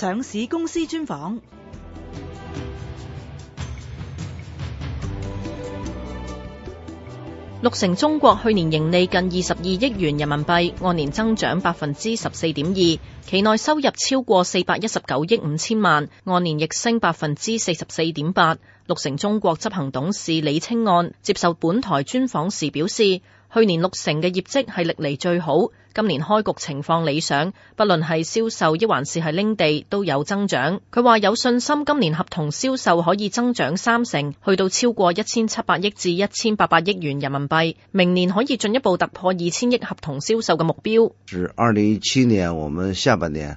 上市公司專訪。綠城中國去年盈利近二十二億元人民幣，按年增長百分之十四點二。期內收入超過四百一十九億五千萬，按年逆升百分之四十四點八。綠城中國執行董事李青岸接受本台專訪時表示，去年綠城嘅業績係歷嚟最好，今年開局情況理想，不論係銷售抑還是係拎地都有增長。佢話有信心今年合同銷售可以增長三成，去到超過一千七百億至一千八百億元人民幣，明年可以進一步突破二千億合同銷售嘅目標。至二零一七年，我哋下半年。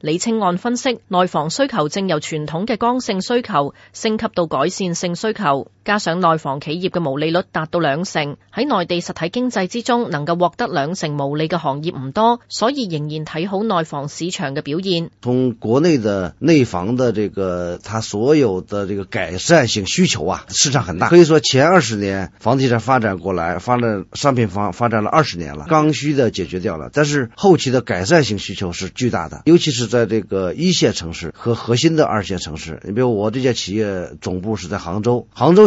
李青岸分析，內房需求正由傳統嘅剛性需求升級到改善性需求。加上內房企業嘅毛利率達到兩成，喺內地實體經濟之中能夠獲得兩成毛利嘅行業唔多，所以仍然睇好內房市場嘅表現。從國內嘅內房的這個，它所有的這個改善性需求啊，市場很大。可以說前二十年房地產發展過來，發展商品房發展了二十年了，剛需的解決掉了，但是後期的改善性需求是巨大的，尤其是在這個一綫城市和核心的二綫城市。你比如我這家企業總部是在杭州，杭州。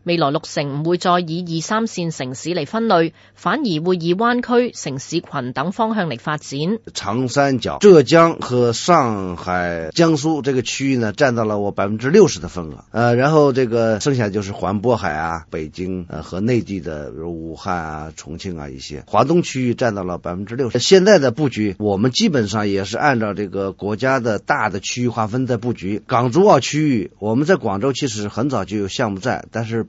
未來六成唔會再以二三線城市嚟分類，反而會以灣區、城市群等方向嚟發展。長三角、浙江和上海、江蘇這個區域呢，佔到了我百分之六十的份額。呃、啊，然後這個剩下就是環渤海啊、北京、啊，呃和內地的比如武漢啊、重慶啊一些，華東區域佔到了百分之六十。現在的布局，我們基本上也是按照這個國家的大的區域劃分在布局。港珠澳區域，我們在廣州其實很早就有項目在，但是。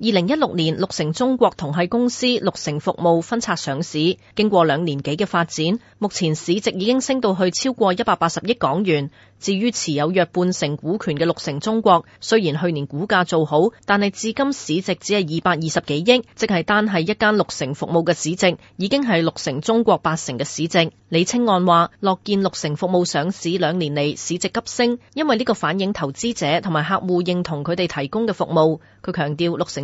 二零一六年，綠城中國同係公司綠城服務分拆上市，經過兩年幾嘅發展，目前市值已經升到去超過一百八十億港元。至於持有約半成股權嘅綠城中國，雖然去年股價做好，但係至今市值只係二百二十幾億，即係單係一間綠城服務嘅市值，已經係綠城中國八成嘅市值。李青岸話，樂見綠城服務上市兩年嚟市值急升，因為呢個反映投資者同埋客戶認同佢哋提供嘅服務。佢強調綠城。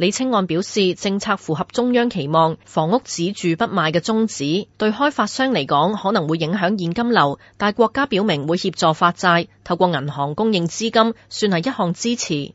李青岸表示，政策符合中央期望，房屋只住不賣嘅宗旨，對開發商嚟講可能會影響現金流，但國家表明會協助發債，透過銀行供應資金，算係一項支持。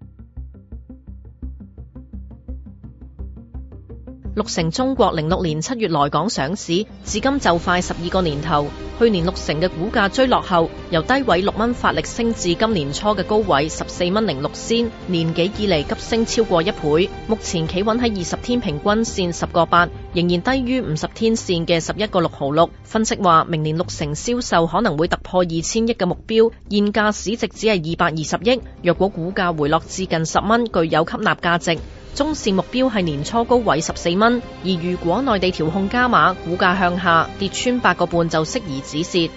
六成中國零六年七月來港上市，至今就快十二個年頭。去年綠城嘅股價追落後，由低位六蚊發力升至今年初嘅高位十四蚊零六仙，年幾以嚟急升超過一倍。目前企穩喺二十天平均線十個八，仍然低於五十天線嘅十一個六毫六。分析話，明年綠城銷售可能會突破二千億嘅目標，現價市值只係二百二十億。若果股價回落至近十蚊，具有吸納價值。中線目標係年初高位十四蚊，而如果內地調控加碼，股價向下，跌穿八個半就適宜止蝕。